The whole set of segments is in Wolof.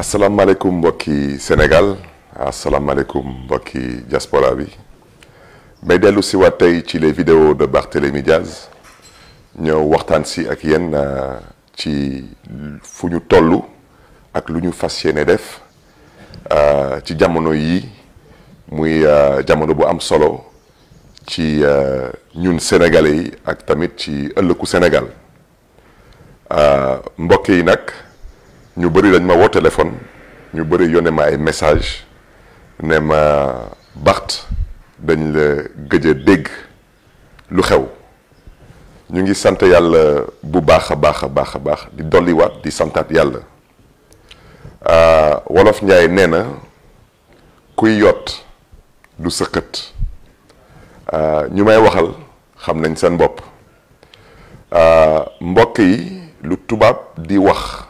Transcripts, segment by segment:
asalaamaaleykum mbokki Sénégal asalaamaaleykum mbokki diaspora bi may dellu si waat tey ci les vidéo de Barthélémy Diaz ñëw waxtaan si ak yéen euh, ci fu ñu toll ak lu ñu fas yéene def euh, ci jamono yi muy euh, jamono bu am solo ci ñun sénégalais yi ak tamit ci ëllëku Sénégal mbokk yi nag. ñu bëri dañ ma woo téléphone ñu bëri yónnee ma ay message ne ma Barth dañ la gëj a dégg lu xew ñu ngi sant yàlla bu baax a baax a baax a baax di dolliwaat di santaat yàlla ah, wolof Njaay nee na kuy yott du sëqët ah, ñu may waxal xam nañ seen bopp ah, mbokk yi lu tubaab di wax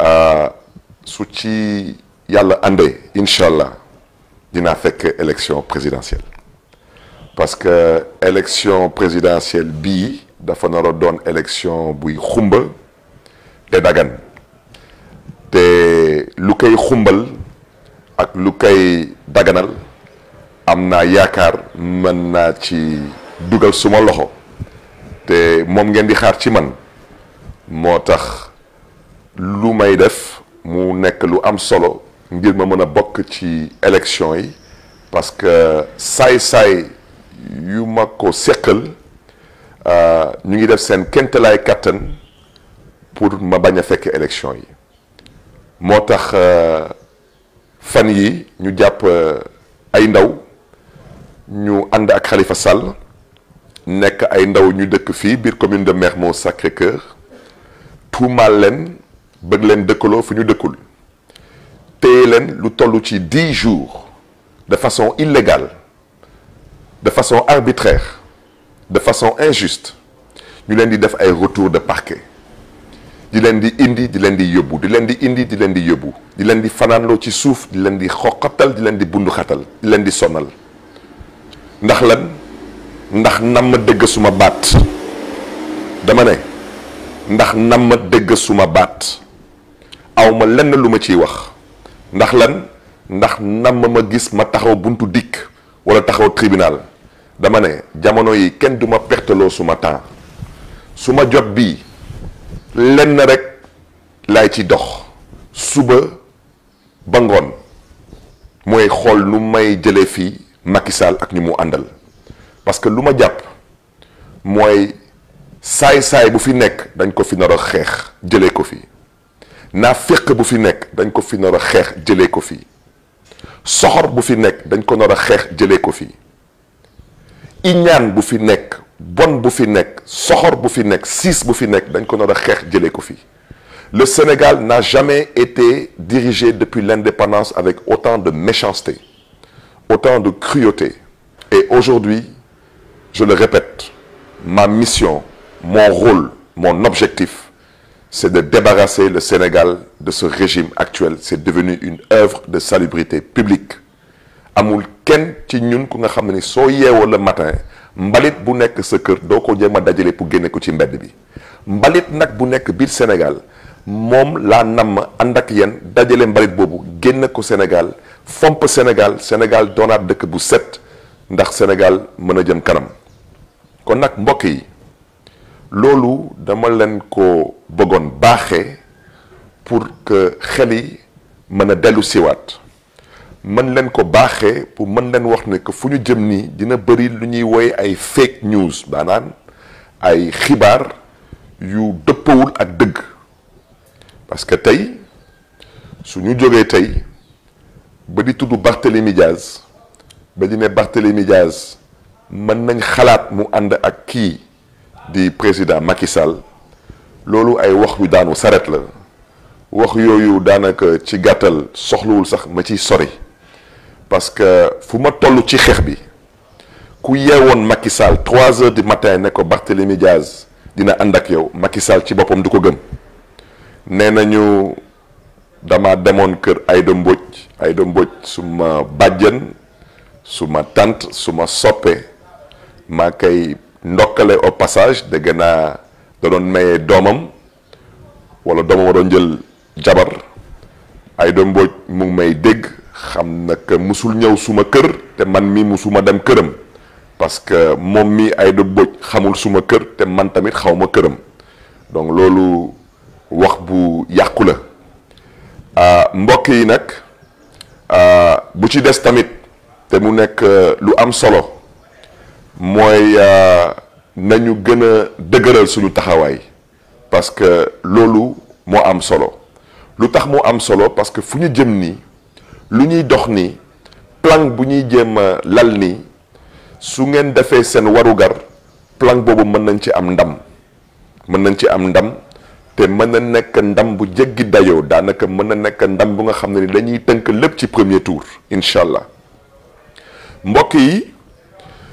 Euh, su ci ande Inshallah, fait election élection présidentielle parce que élection présidentielle bi dafa ro élection buy xumba té dagan té lu ak lu daganal amna yakar man na ci dugal suma loxo té di lu may def mu nekk lu am solo ngir ma mën a bokk ci élection yi parce que saay-saay yu ma ko séqal euh, ñu ngi def seen kentalaay kàttan pour ma bañ a fekk élection yi moo tax euh, fan yi ñu jàpp euh, ay ndaw ñu ànd ak Khalifa Sall nekk ay ndaw ñu dëkk fii biir commune de Mermoz Sacré-Cœur tuumaal leen bëgg leen dëkkaloo dëkkul téye lu dix jours de façon illégale de façon arbitraire de façon injuste ñu leen di def retour de parquet di di indi di leen di yóbbu di di indi di leen di yóbbu di leen di fanaanloo ci suuf di leen di di sonal ndax lan ndax nam dégg suma baat dama nam suma aw ma lenn lu ma ciy wax ndax lan ndax nam ma ma gis ma taxaw buntu dikk wala taxaw tribunal dama ne jamono yi kenn du ma perteloo suma ma temps su jot bi lenn rek laay ci dox suba ba ngoon mooy xool nu may jëlee fii Macky Sall ak ñu mu àndal parce que lu ma jàpp mooy saay-saay bu fi nekk dañ ko fi nar xeex jëlee ko fi naa féq bu fi nek dañ ko fi nar xex jele ko fi sohor bu fi nek dañ ko nar a xeex ko fi iñan bu fi nek bon bu fi nek sohor bu fi nek sis bu fi nek dañ ko nar a xeex ko fi le Sénégal n'a jamais été dirigé depuis l'indépendance avec autant de méchanceté autant de cruauté et aujourd'hui je le répète ma mission mon rôle mon objectif c'est de débarrasser le Sénégal de ce régime actuel. C'est devenu une œuvre de salubrité publique. amul ken ci ñun ku nga xamni so soo le matin mbalit bu nek sa kër do ko jema dajalé pour génne ko ci mbedd bi mbalit nak bu nek bir Sénégal Mom la nam andak ak dajalé mbalit bobu génne ko Sénégal fomp Sénégal Sénégal doonaat dëkk bu set ndax Sénégal mën a jëm kanam kon nak mbokk yi. loolu dama leen ko bëggoon baaxe pour que xel mën a dellu siwaat mën leen ko baaxe pour mën leen wax ne que fu ñu jëm nii dina bëri lu ñuy woy ay fake news maanaam ay xibaar yu dëppawul ak dëgg parce que tey su ñu jógee tey ba di tudd Barthélemy Diaz ba di ne Barthélemy Diaz mën nañ xalaat mu ànd ak kii di président Macky loolu ay wax yu daanu saret la wax yooyu daanaka ci gàttal soxlawul sax ma ci sori parce que fu ma toll ci xeex bi ku yeewoon Macky Sall trois heures du matin ne ko Barthélémy Diaz dina ànd ak yow Macky Sall ci boppam du ko gëm nee nañu dama demoon kër Aïda Mbodj Aïda Mbodj su ma bàjjan su ma tant su ma soppe maa koy ndokkale au passage dégg naa da doon maye doomam wala doomam a doon jël jabar ay doom mu may dégg xam na que musul ñëw suma kër te man mii mosuma dem këram parce que moom mii ay doom xamul suma kër te man tamit xaw ma këram donc loolu wax bu yàqu la ah, mbokk yi nag ah, bu ci des tamit te mu nekk euh, lu am solo mooy euh, nañu gën a dëgëral suñu taxawaay parce que loolu moo am solo lu tax moo am solo parce que fu ñu jëm nii lu ñuy dox nii plan bu ñuy jéem a lal nii su ngeen defee seen warugar plan boobu mën nañ ci am ndam mën nañ ci am ndam te mën na nekk ndam bu jeggi dayoo daanaka mën na nekk ndam bu nga xam ne ni dañuy tënk lépp ci premier tour incha allah mbokk yi.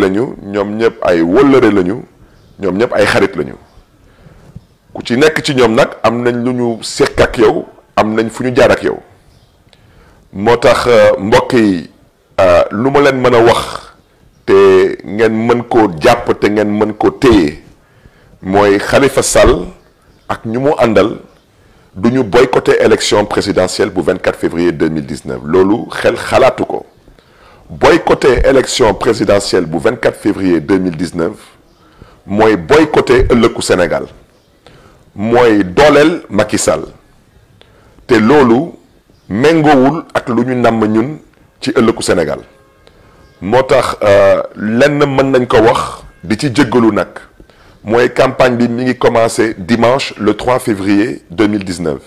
lañu ñom ñëpp ay wëllëre lañu ñom ñëpp ay xarit lañu ku ci nekk ci ñom nak am nañ luñu ñu ak yow am nañ fuñu jaar ak yow motax euh, mbokk yi euh, lu ma leen mëna wax té ngeen mën ko japp té ngeen mën ko téye moy Khalifa Sall ak ñu mo andal duñu ñu boycotter élection présidentielle bu 24 février 2019 lolu xel xalatuko ko boycotter élection présidentielle du 24 février 2019 mooy le coup Sénégal Moi dolel Macky Sall te loolu méngoowul ak lu ñu namm ñun ci ëllëgu Sénégal Motax euh lenn mën nañ ko wax di ci jéggelu nak. La campagne bi commencé dimanche le 3 février 2019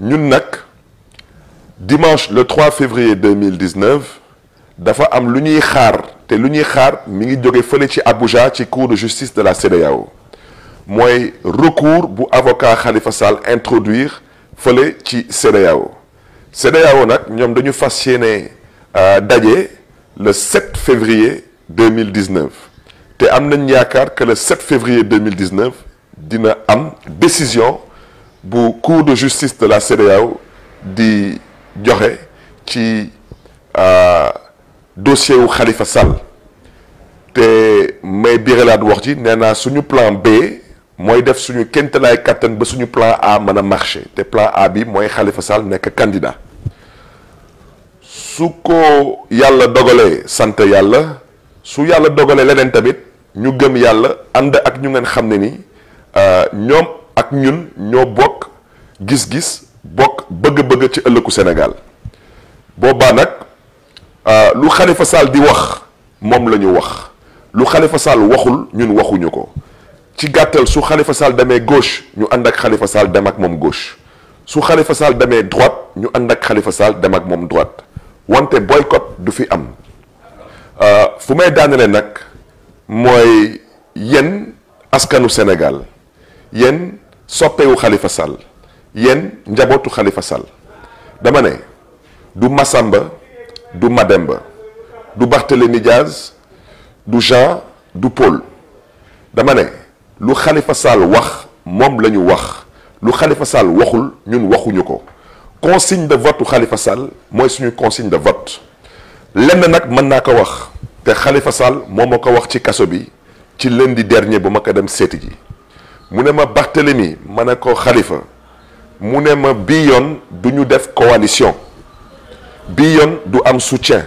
ñun dimanche le 3 février 2019 dafa am luñuy xaar té luñuy xaar mi ngi joggé feulé ci Abuja ci cour de justice de la CEDEAO moy recours bu avocat Khalifa Sall introduire feulé ci CEDEAO CEDEAO nak ñom dañu fas euh dajé le 7 février 2019 té am nañ yaakaar que le 7 février 2019 dina am décision bu cour de justice de la CEDEAO di joxé ci. Euh, dossier wu xalifa Sall te may biralaat wax ci nee naa suñu plan B mooy def suñu kéemtalaay kattan ba suñu plan A mën a marché te plan A bi mooy xalifa Sall nekk candidat su ko yàlla dogale sant yàlla su yàlla dogalee leneen tamit ñu gëm yàlla ànd ak ñu ngeen xam ne ni euh, ñoom ak ñun ñoo bokk gis-gis bokk bëgg-bëgg ci ëllëgu Sénégal boobaa nag Euh, lu Khalifa Sall di wax moom la ñu wax lu Khalifa Sall waxul ñun waxuñu ko ci gàttal su Khalifa Sall demee gauche ñu ànd ak xalifa Sall dem ak moom gauche su Khalifa Sall demee droite ñu ànd ak Khalifa Sall dem ak moom droite wante boycott du fi am euh, fu may daanale nag mooy yéen askanu senegal yéen soppewu Khalifa Sall yéen njabootu Khalifa Sall dama ne du Massamba du Mademba du Barthélémy Diaz du Jean du Paul dama ne lu Khalifa Sall wax mom lañu wax lu Khalifa Sall waxul ñun waxuñu ko consigne de vote Khalifa Sall moy suñu consigne de vote lenn nak man naa ko wax te Khalifa Sall moo ma wax ci kasso bi ci lundi dernier bu ma dem ji mu Barthélémy ma Khalifa mu ne ma bii def coalition bien du am soutien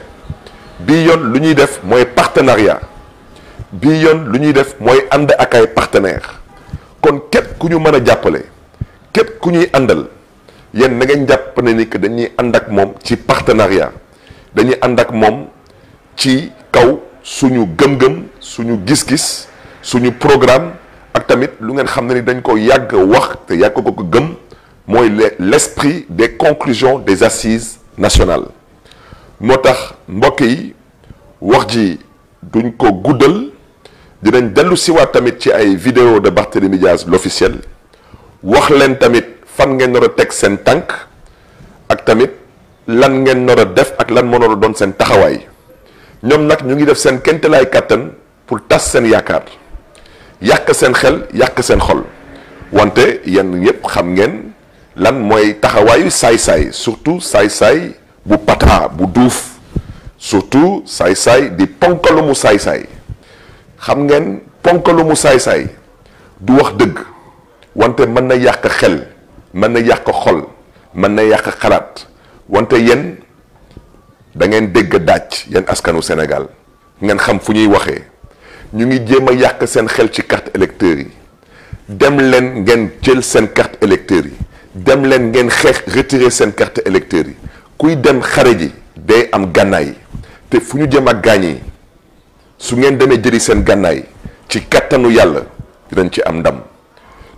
bii luñuy def moy partenariat bii luñuy ande def moy and ak ay partenaires kon képp kuñu ñu jappalé a kuñuy andal yen ñuy àndal na ngeen ne ni que dañuy and ak mom ci partenariat dañuy and ak mom ci kaw suñu gëm-gëm suñu gis-gis suñu programme ak tamit lu ngeen xam ni dañ ko yag wax te ko ko l'esprit des conclusions des assises national motax tax mbokk yi wax ji duñ ko guddal dinañ dellu tamit ci ay vidéo de Barthélemy Diaz l'officiel wax leen tamit fan ngeen nara teg seen tànk ak tamit lan ngeen nara def ak lan mo nara a doon seen taxawaay ñoom nag ñu ngi def seen kentalaay kàttan pour tas seen yaakaar yàq seen xel yàq seen xol wante yenn ñëpp xam ngeen lan mooy taxawaayu saay-saay surtout saay-saay bu pataa bu duuf surtout saay-saay di ponkalu mu saay-saay xam ngeen ponkalu mu saay-saay du wax dëgg wante mën na yàq xel mën na yàq xol mën na yàq xalaat wante yéen da ngeen dégg daaj yéen askanu senegal ngeen xam fu ñuy waxee ñu ngi jéem a yàq seen xel ci carte électeur yi dem leen ngeen jël seen carte électeur yi dem leen ngeen xeex retirer seen carte électeur yi kuy dem xare ji day am gànnaay te fu ñu jëm ak gaañ yi su ngeen demee jëri seen gànnaay ci kattanu yàlla dinañ ci am ndam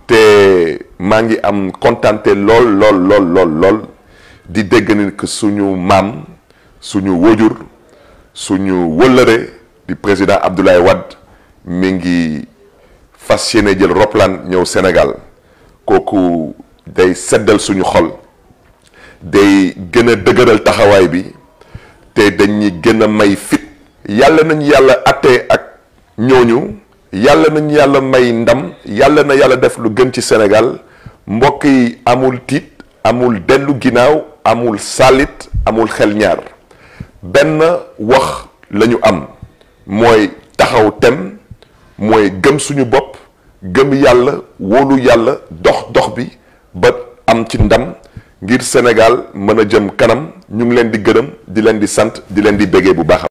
te maa ngi am kontante lool lool lool lool di dégg ni que suñu maam suñu wójur suñu wëllëre di président Abdoulaye Wade mi ngi fas yéene jël roplaan ñëw Sénégal kooku day seddal suñu xol day gën a dëgëral taxawaay bi te dañuy gën a may fit yàlla nañu yàlla attee ak ñooñu yàlla nañu yàlla may ndam yàlla na yàlla def lu gën ci senegal mbokk yi amul tiit amul dellu ginnaaw amul sàllit amul xel ñaar benn wax lañu am mooy taxaw tem mooy gëm suñu bopp gëm yàlla wóolu yàlla dox dox bi ba am ci ndam ngir Sénégal mën a jëm kanam ñu ngi leen di gërëm di leen di sant di leen di béggee bu baax